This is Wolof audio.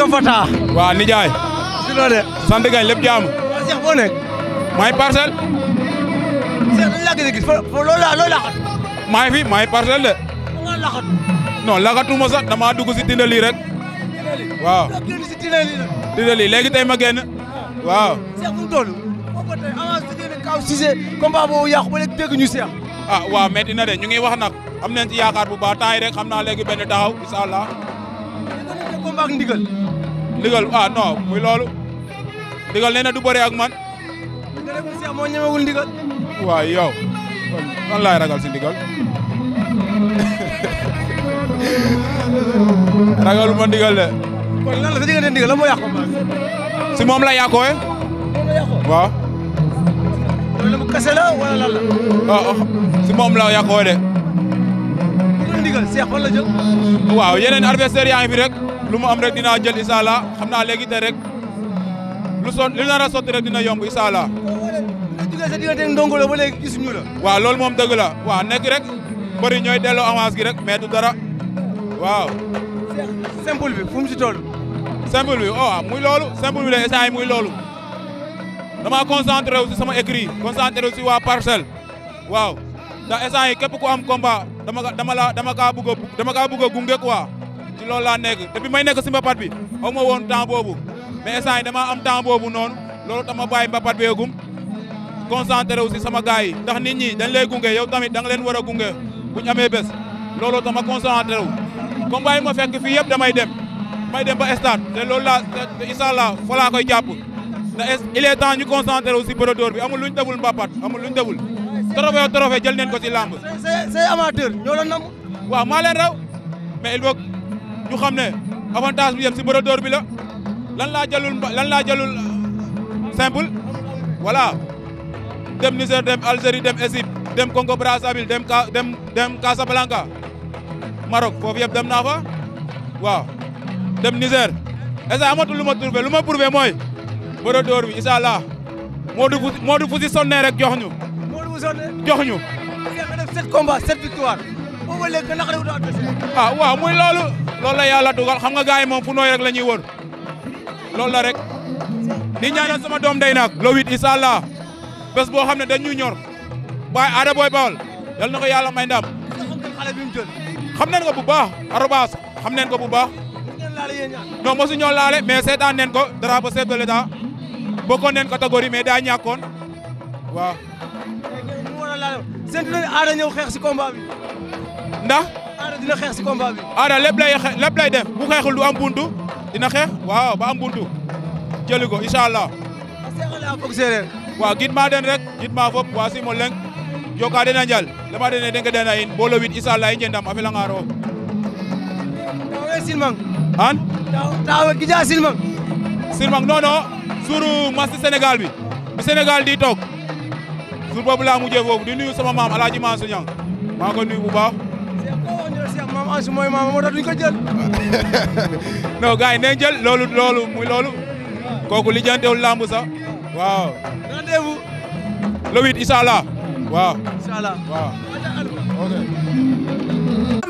ko fata waaw nijaay si loo de sant gañ lépp jaamu waaw Cheikh foo nekk maay parcelle Cheikh dañu laa gis fi maay parcelle de nga laxat non laxatuma sax dama dugg si rek waaw génn si dindali léegi tey ma génn mu toll boobu tey avance ñu Cheikh ah waaw na de ñu ngi wax nag am nañ ci yaakaar bu baax temps rek xam naa léegi benn taxaw incha allah ndigal ah non muy loolu ndigal nee na du bëre ak man. nga moo ñemewul ndigal. waaw yow si ndigal ragal ma ndigal de. kon lan la sa diggante ndigal la moo yàqu si moom la yàqooee. Eh? waaw. Ah, ah, si moom la yàqooee eh, de. yeneen adversaire yaa ngi lu mu am rek dinaa jël incha allah xam naa léegi te lu son lu nar a rek dina yomb incha allah. sa diggante ndongo waaw loolu moom dëgg waa waaw nekk rek bëri ñooy delloo avance gi rek mais du dara waaw. simple bi fu mu si toll. simple bi oh ah, muy loolu simple bi la yi muy loolu dama concentré wu si sama écrit concentré wu si waa parcelle waaw ndax instant yi képp ku am combat dama dama la dama kaa bëgg dama kaa bëgg a gunge quoi. ci loolu laa nekk bi may nekk si mbapat bi aw ma woon temps boobu mais instant yi damaa am temps boobu noonu loolu tax ma bàyyi mbapat beegum concentré aussi sama gars yi ndax nit ñi dañ lay gunge yow tamit da nga leen war a gunge bu ñu amee bés looloo tax ma concentré wu combat yi ma fekk yëpp damay dem may dem ba stade te loolu laa incha allah fa laa koy jàpp te il est temps ñu concentré aussi brodeur bi amul luñ deful mbapat amul luñ deful trophée trophée jël neen ko ci lamb say amateur ñoo la maa leen raw mais il ñu xam ne avantage bi yëpp si bëre dóor bi la lan laa jëlul lan laa jëlul euh, simple voilà dem Niger dem Algérie dem Égypte dem Congo Brazzaville dem dem dem Casablanca Maroc foofu yëpp dem naa fa waaw dem Niger esa amatul lu ma prouvé lu ma prouvé mooy bëre dóor bi incha allah Modou Fou Modou Fou si sonnee rek jox ñu. Modou Fou sonnee jox ñu. nga def sept combats sept victoires. boo ko muy loolu. loolu la yàlla dugal xam nga gars yi moom fu nooy rek la ñuy wër loolu la rek di ñaanal sama doom dey nag le huit incha allah bés boo xam ne dañ ñu ñor waaye Ada Boy Baol yal na ko yàlla may ndam xam nañ ko bu baax arobas xam nañ ko bu baax non mosu ñoo laale mais seetaan nañ ko drapeau chef de l'état bokkoon nañ catégorie mais daa ñàkkoon waaw. seen aada ñëw xeex si combat bi. ndax. dina xeex si lépp lay lépp bu xeexul du am buntu dina xeex waaw ba am buntu jëli ko incha allah. seex foog séeréer. waaw gis maa den rek gis maa fop waa si mo leng joka dena njal lema dene denke dena in bolo wit isa la inje ndam afela ngaro tawe silmang an tawe gija silmang silmang non non suru masi Sénégal bi bi Sénégal di toog sur boobu laa mujjee di nuyu sama Alaaji Mansu Ñang maa ko nuyu bu waaw si mooy maama moo tax duñ jël. loolu loolu muy loolu. kooku li jantewul lamb sax waaw. rendez-vous. le huit incha waaw. incha allah waaw.